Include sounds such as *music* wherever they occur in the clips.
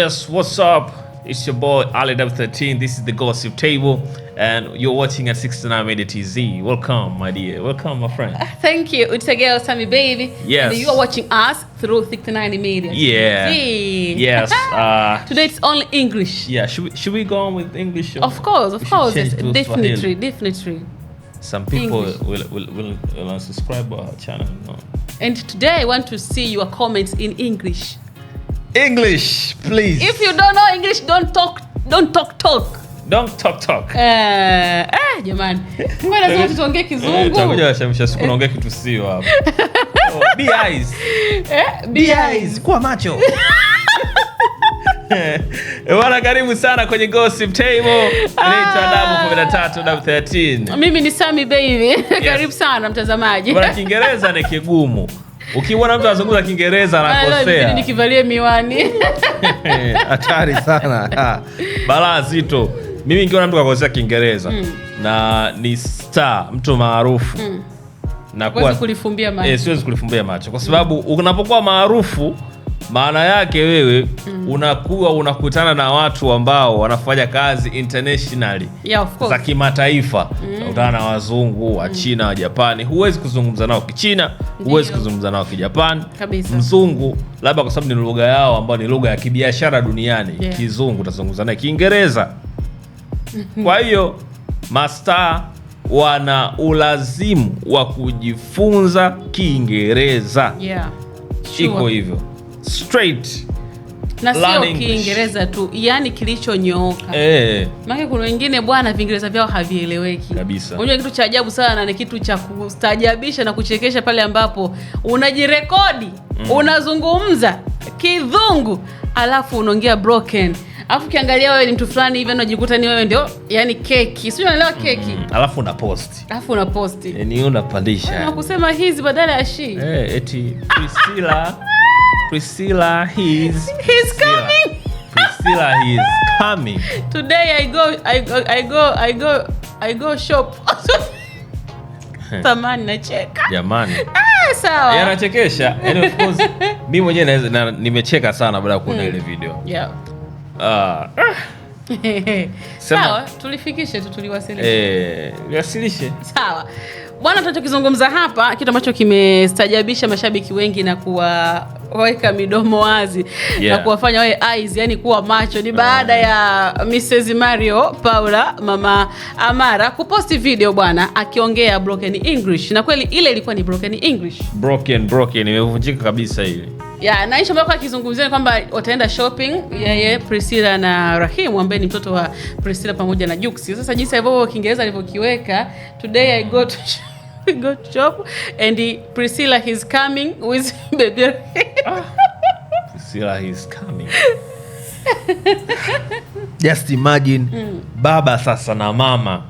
Yes, what's up? It's your boy Ali W13. This is the Gossip Table, and you're watching at 69 Media TZ. Welcome, my dear. Welcome, my friend. Ah, thank you. It's a girl, Sammy Baby. Yes. And you are watching us through 69 Media. Yeah. TZ. Yes. *laughs* uh, Today it's only English. Yeah. Should we, should we go on with English? Of course, of course. Yes, definitely, definitely. Some people will, will, will, will unsubscribe our channel. No? And today I want to see your comments in English. English, please. If you don't know English, don't talk, don't talk, talk. Don't talk, talk. Eh, eh lazima eh, eh, Kizungu. siku kitu sio *laughs* oh, Be eyes. Eh, be eyes. Kuwa macho. Bwana karibu sana kwenye Gossip Table. Ah. Naitwa Mimi ni Sami Baby. *laughs* Karibu sana mtazamaji. Bwana Kiingereza ni kigumu. Ukiona mtu anazungumza Kiingereza anakosea, nikivalie miwani *laughs* hatari sana, balaa zito. Mimi nikiona mtu kakosea Kiingereza mm. na ni star, mtu maarufu mm. na eh, siwezi kulifumbia macho kwa sababu unapokuwa maarufu maana yake wewe mm. unakuwa unakutana na watu ambao wanafanya kazi internationally yeah, za kimataifa mm. utana na wazungu wa mm. China wa Japani, huwezi kuzungumza nao Kichina, huwezi kuzungumza nao Kijapani. Mzungu labda kwa sababu ni lugha yao ambayo ni lugha ya kibiashara duniani yeah. Kizungu utazungumza naye Kiingereza. *laughs* Kwa hiyo mastaa wana ulazimu wa kujifunza Kiingereza yeah. sure. iko hivyo straight na sio Kiingereza tu, yani kilichonyooka eh. Maana kuna wengine bwana, Viingereza vyao havieleweki kabisa. Unajua kitu cha ajabu sana ni kitu cha kustajabisha na kuchekesha pale ambapo unajirekodi mm. unazungumza Kidhungu alafu unaongea broken alafu ukiangalia wewe ni mtu fulani hivi anajikuta ni wewe ndio yani keki, sio unaelewa keki mm, alafu una post alafu una post, yani eh, unapandisha kusema hizi badala ya shi eh, eti Priscilla *laughs* Priscilla, he's *laughs* he's Priscilla. coming. Priscilla, he's *laughs* coming. Today I go I go I go I go I go shop. *laughs* Tamani nacheka. Jamani. Ah, sawa. Yanachekesha. And yaani, of course, mi mwenyewe naweza na, nimecheka sana baada ya kuona mm. ile video. Yeah. Ah. Uh, Sawa, tulifikishe tu tuliwasilishe. Eh, wasilishe. Sawa. Bwana, tunachokizungumza hapa, kitu ambacho kimestajabisha mashabiki wengi na kuwaweka midomo wazi yeah, na kuwafanya wawe eyes, yani kuwa macho, ni baada ya Mrs Mario Paula mama Amara kuposti video bwana, akiongea broken English, na kweli ile ilikuwa ni broken English, broken broken, imevunjika kabisa ile ya naisha mbako akizungumzia ni kwamba wataenda shopping yeye Priscilla na Rahimu ambaye ni mtoto wa Priscilla pamoja na Jux. Sasa jinsi alivyo Kiingereza alivyokiweka today I go to we *laughs* go to shop and he, Priscilla is coming with *laughs* baby ah, Priscilla is coming *laughs* just imagine mm. Baba sasa na mama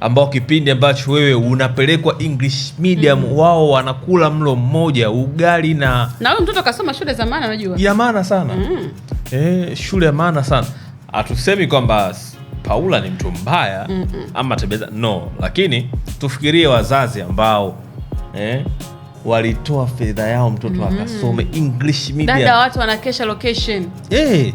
ambao kipindi ambacho wewe unapelekwa English medium mm. wao wanakula mlo mmoja ugali na na huyo mtoto kasoma shule za maana, unajua ya maana sana mm. eh, shule ya maana sana. Hatusemi kwamba Paula ni mtu mbaya mm -mm. ama tabeza no, lakini tufikirie wazazi ambao eh, walitoa fedha yao mtoto mm -hmm. akasome English media. Dada watu wanakesha location hey, eh,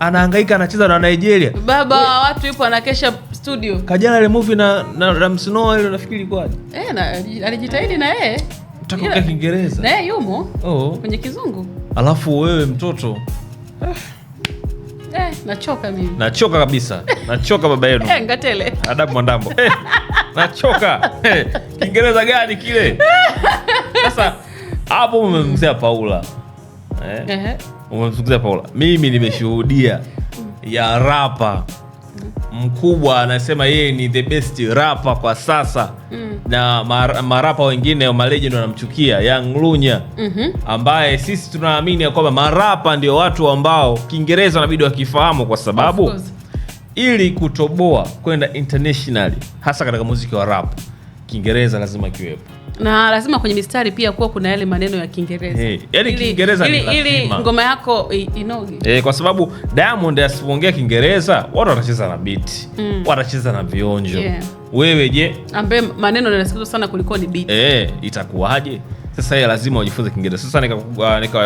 anahangaika anacheza na Nigeria, baba wa watu yupo anakesha studio. Kajana ile movie na, na Ramsnoa ile nafikiri ilikuwa. eh, na, alijitahidi na yeye taka Kiingereza na yeye yumo oh. kwenye kizungu alafu wewe mtoto eh. Eh, nachoka mimi nachoka kabisa nachoka baba yenu *laughs* eh, Ngatele adabu mwandambo eh. *laughs* nachoka Kiingereza gani kile? Sasa hapo umemzungumzia Paula eh? Umemzungumzia Paula, mimi nimeshuhudia ya rapa mkubwa anasema yeye ni the best rapa kwa sasa mm. na mar, marapa wengine malegend wanamchukia yanglunya Lunya mm -hmm. ambaye sisi tunaamini ya kwamba marapa ndio watu ambao Kiingereza wanabidi wakifahamu kwa sababu ili kutoboa kwenda internationally, hasa katika muziki wa rap, Kiingereza lazima kiwepo na lazima kwenye mistari pia kuwa kuna yale maneno ya Kiingereza hey, yani Kiingereza ili, ili ngoma yako inoge hey, eh, kwa sababu Diamond asipoongea Kiingereza watu watacheza na biti mm. watacheza na vionjo yeah. Wewe je, ambaye maneno yanasikizwa sana kuliko ni biti hey, eh, itakuwaje? Sasa yeye lazima ujifunze Kiingereza. Sasa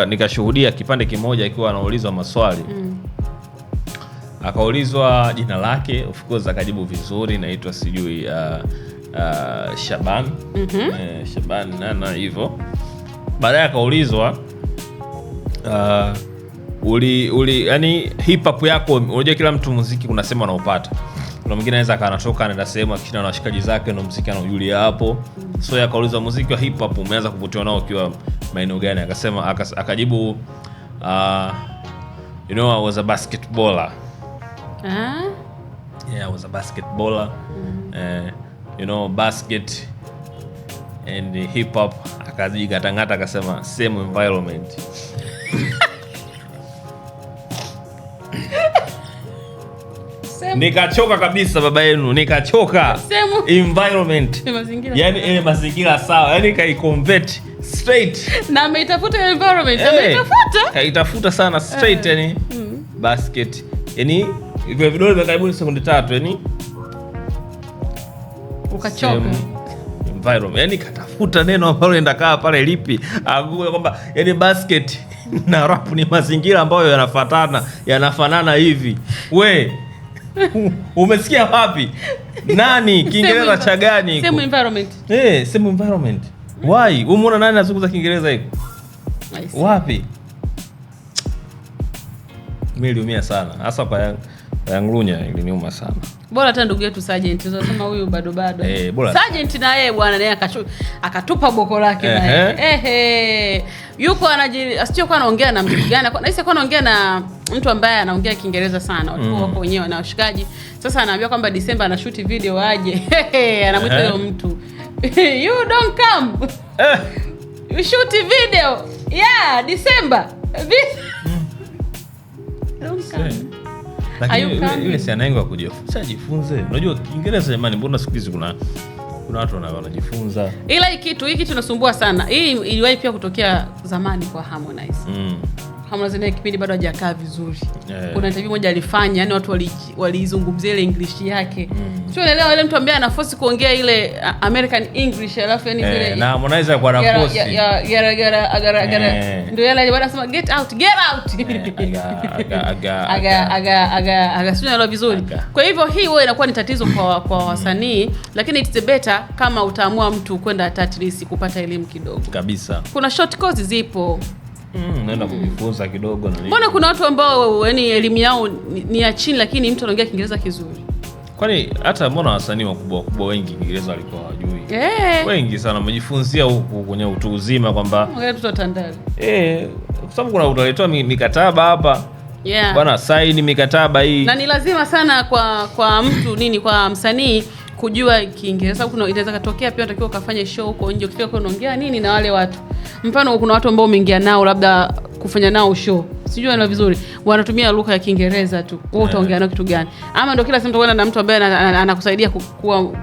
nikashuhudia nika, nika kipande kimoja ikiwa anaulizwa maswali mm. Akaulizwa jina lake, of course akajibu vizuri, naitwa sijui uh, uh, Shaban mm -hmm. eh, Shaban nana hivyo. Baadaye akaulizwa uh, uli, uli, yani hip hop yako, unajua kila mtu muziki kuna sehemu anaopata kuna mwingine anaweza akawa anatoka anaenda sehemu akishindana na washikaji zake ndo muziki anaujulia hapo. So akauliza muziki wa hip hop umeanza kuvutiwa nao ukiwa maeneo gani? Akasema akajibu uh, you know I was a basketballer Ah. Yeah, I was a basketballer. Mm. -hmm. Uh, you know, basket and hip hop katangata akasema same environment. Nikachoka kabisa baba yenu, nikachoka environment, yani ile eh, mazingira sawa, yani kaikonvert straight na ameitafuta environment, eh. ameitafuta kaitafuta sana straight, yani mm. basket yani hivyo vidole vya karibuni sekunde tatu, yani ukachoka environment, yani katafuta neno ambalo kaa pale lipi ague kwamba yani basket *laughs* na rap ni mazingira ambayo yanafatana yanafanana hivi. We umesikia wapi? Nani Kiingereza cha gani? Same environment eh, same environment why? Umeona nani anazungumza Kiingereza hiko wapi? Miliumia sana hasa kwa Yanga. Yanglunya iliniuma sana. Bora hata ndugu yetu Sergeant unasema huyu bado bado. Eh, bora. Sergeant na yeye bwana naye akatupa boko lake naye. yeye. Eh eh. Yuko anaji asio kwa anaongea na mtu gani? Na hisi kwa anaongea na mtu ambaye anaongea Kiingereza sana. Watu mm. wako wenyewe na washikaji. Sasa anaambia kwamba Desemba shoot video aje. Anamwita huyo mtu. *laughs* you don't come. Eh. You shoot video. Yeah, Desember. Mm. don't come. Eh lakini yule si anaengo kujifunza, ajifunze. Unajua Kiingereza jamani, mbona siku hizi kuna kuna watu wanajifunza, ila hii kitu hii kitu inasumbua sana. Hii iliwahi pia kutokea zamani kwa Harmonize mm. Harmonize naye kipindi bado hajakaa vizuri yeah. Kuna interview moja alifanya, yani watu waliizungumzia wali ile English yake mm. Sio Sielewa ile mtu ambaye ana force kuongea ile uh, American English alafu yani vile eh, na Harmonize kwa na force ya ya ya agara agara, eh. ndio yale alibada sema get out get out eh, *laughs* aga aga aga aga aga, aga, sio nalo vizuri. Kwa hivyo hii wewe inakuwa ni tatizo kwa kwa mm. wasanii, lakini it's better kama utaamua mtu kwenda at least kupata elimu kidogo kabisa. Kuna short course zipo Mm, naenda mm. kujifunza kidogo na nini. Mbona kuna watu ambao yaani elimu yao ni, ya chini lakini mtu anaongea Kiingereza kizuri. Kwani hata mbona wasanii wakubwa wakubwa wengi Kiingereza walikuwa hawajui. Eh. Wengi sana wamejifunzia huku kwenye utu uzima kwamba ongea tu Eh, kwa sababu kuna utaletewa mikataba hapa. Yeah. Bwana saini mikataba hii. Na ni lazima sana kwa kwa mtu nini kwa msanii kujua Kiingereza kuna inaweza katokea pia unatakiwa ukafanye show huko nje, ukifika huko unaongea nini na wale watu. Mfano, kuna watu ambao umeingia nao labda kufanya nao show, sijui na vizuri, wanatumia lugha ya Kiingereza tu, wewe utaongea nao kitu gani? Ama ndio kila siku utakwenda na mtu ambaye anakusaidia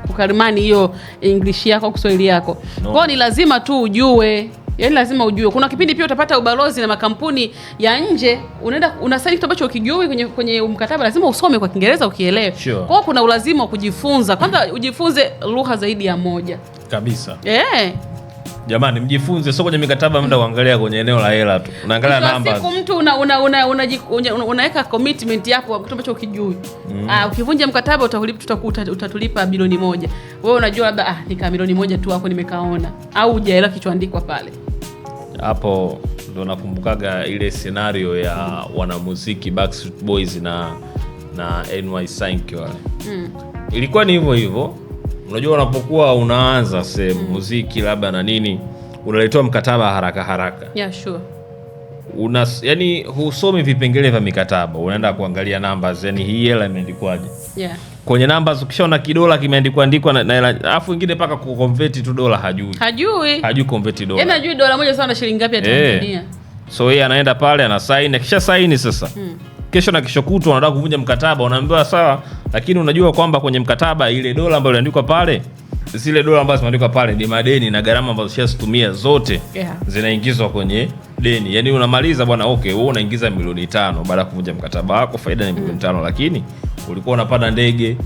kukarimani hiyo English yako, Kiswahili yako no. Kwao ni lazima tu ujue yaani lazima ujue. Kuna kipindi pia utapata ubalozi na makampuni ya nje, unaenda unasaini kitu ambacho ukijui kwenye, kwenye mkataba lazima usome kwa Kiingereza ukielewe. Sure. Kwa kuna ulazima wa kujifunza kwanza, ujifunze lugha zaidi ya moja kabisa. Eh. Yeah. Jamani, mjifunze, sio kwenye mikataba muda uangalia kwenye eneo la hela tu, unaangalia namba. Siku mtu unaweka una, una, una, una commitment yako kwa kitu ambacho ukijui. mm. Ah, ukivunja mkataba utatulipa utatulipa bilioni moja, wewe unajua labda ah, nika milioni moja tu hapo nimekaona, au hujaelewa kichoandikwa pale. Hapo ndo nakumbukaga ile scenario ya wanamuziki Backstreet Boys na na NY Sync wale. mm. ilikuwa ni hivyo hivyo Unajua, unapokuwa unaanza sehemu mm. muziki labda na nini, unaletewa mkataba haraka haraka. Yeah, sure. Una, yani husomi vipengele vya mikataba, unaenda kuangalia numbers, yani hii hela imeandikwaje? Yeah. Kwenye numbers ukishaona kidola kimeandikwa andikwa na hela, alafu ingine mpaka ku tu dola hajui. Hajui. Hajui convert dola. Yeye anajui dola moja sana shilingi ngapi ya eh. Tanzania. yeah. So yeye anaenda pale ana sign, akisha sign sasa. hmm kesho na kesho kutwa unataka kuvunja mkataba, unaambiwa sawa, lakini unajua kwamba kwenye mkataba ile dola ambayo iliandikwa pale zile dola ambazo zimeandikwa pale ni madeni na gharama ambazo shazitumia zote yeah, zinaingizwa kwenye deni. Yani unamaliza bwana, okay, wewe unaingiza milioni tano baada ya kuvunja mkataba wako, faida ni milioni tano, lakini ulikuwa unapanda ndege,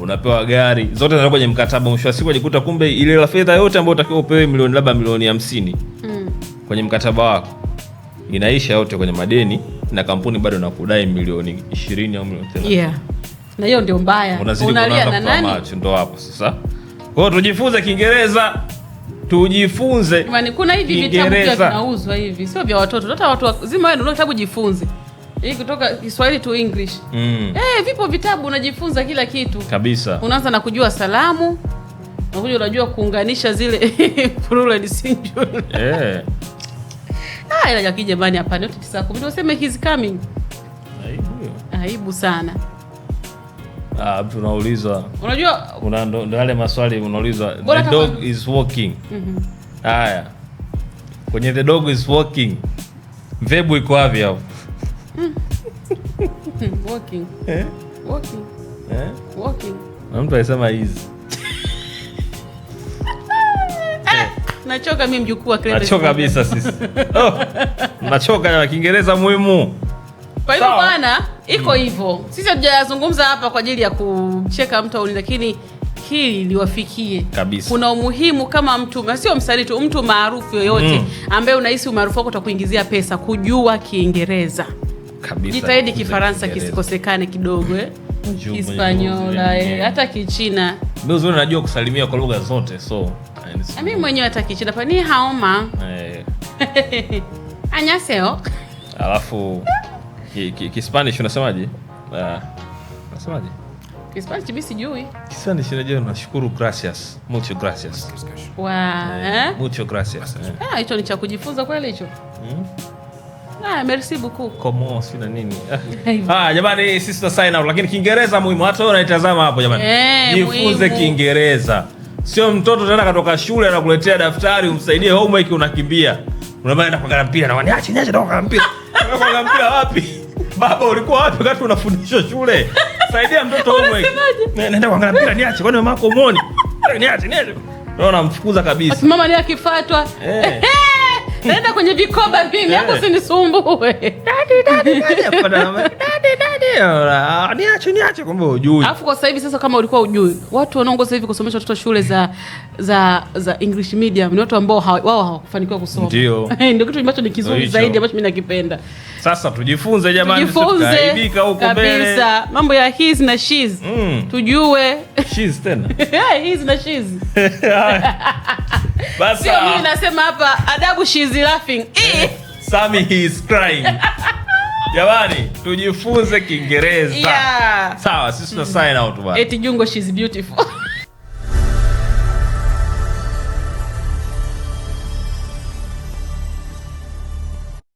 unapewa gari, zote zinakuwa kwenye mkataba. Mwisho wa siku unajikuta kumbe ile la fedha yote ambayo utakiwa upewe milioni labda milioni hamsini mm, kwenye mkataba wako inaisha yote kwenye madeni na kampuni bado nakudai milioni ishirini au milioni thelathini. Yeah. Na hiyo ndio mbaya. Unalia na nani? Ndo hapo sasa. Kwa hiyo tujifunze Kiingereza tujifunze. kuna hivi vitabu vinauzwa hivi, sio vya watoto. Hata watu wazima wewe unataka kitabu jifunze. Hii kutoka Kiswahili to English. Mm. Eh, vipo vitabu unajifunza kila kitu. Kabisa. Unaanza na kujua salamu. Unakuja unajua kuunganisha zile plural *laughs* singular. Eh haya ah, ya kija bani hapana, yote tisa kumi, waseme he's coming. Aibu, aibu sana. Ah, unaulizwa, Unajua una ndo yale maswali unaulizwa. The dog is walking. Mhm. Haya. Kwenye the dog is walking. Mvebu iko wapi hapo? Hmm. Hmm, walking. Eh? Walking. Eh? Walking. Na mtu alisema hizi Nachoka mimi mjukuu wa Nachoka kabisa sisi. *laughs* Oh. Nachoka na Kiingereza muhimu. Kwa hivyo bwana, iko mm. hivyo. Sisi hatujazungumza hapa kwa ajili ya kucheka mtu au lakini hili liwafikie kabisa. Kuna umuhimu kama mtu sio msanii tu, mtu maarufu yoyote mm, ambaye unahisi umaarufu wako utakuingizia pesa, kujua Kiingereza kabisa. Jitahidi Kifaransa kisikosekane kidogo eh. Kispanyola eh. hata Kichina. Mimi unajua kusalimia kwa lugha zote so mimi mwenyewe atakichida ni haoma eh. *laughs* Anyaseo. Alafu Kispanish ki, ki unasemaje? Uh, Kispanish mimi sijui. Kispanish najua nashukuru gracias. Mucho gracias. Wow. Eh, eh, mucho gracias. Eh. Ah, hicho ni cha kujifunza kweli hicho. Hmm? Ah, merci beaucoup. Como sina nini? Ah. *laughs* ah, jamani sisi tuna sign out lakini Kiingereza muhimu. Hata wewe unaitazama hapo jamani. Eh, Jifunze hey, Kiingereza. Sio mtoto tena katoka shule anakuletea daftari umsaidie homework unakimbia. Unaambia naenda kuangalia mpira ah, na wani acha niache kwa mpira. *laughs* kwa mpira wapi? Baba ulikuwa wapi wakati unafundishwa shule? Saidia mtoto *laughs* homework. Naenda kuangalia mpira niache kwani mama yako umoni? Niache niache. naona namfukuza kabisa. Mama ndiye akifuatwa. Eh naenda kwenye vikoba mimi hapo, usinisumbue dadi dadi dadi, *laughs* eh, ah, niache niache, kumbe ujui. Alafu kwa sasa hivi sasa, kama ulikuwa ujui, watu wanaongoza sasa hivi kusomesha watoto shule za za za English medium ni watu ambao wao hawakufanikiwa kusoma. Ndio *laughs* ndio kitu ambacho ni kizuri zaidi ambacho mimi nakipenda. Sasa tujifunze jamani, tujifunze kabisa mambo ya his na shiz, mm. tujue she's tena *laughs* his na she's Sio mimi nasema hapa adabu she is laughing. Eh. eh. Sami he is crying. *laughs* Jamani, tujifunze Kiingereza. Yeah. Sawa, sisi tuna sign out bwana. Eti Jungo she is beautiful. *laughs*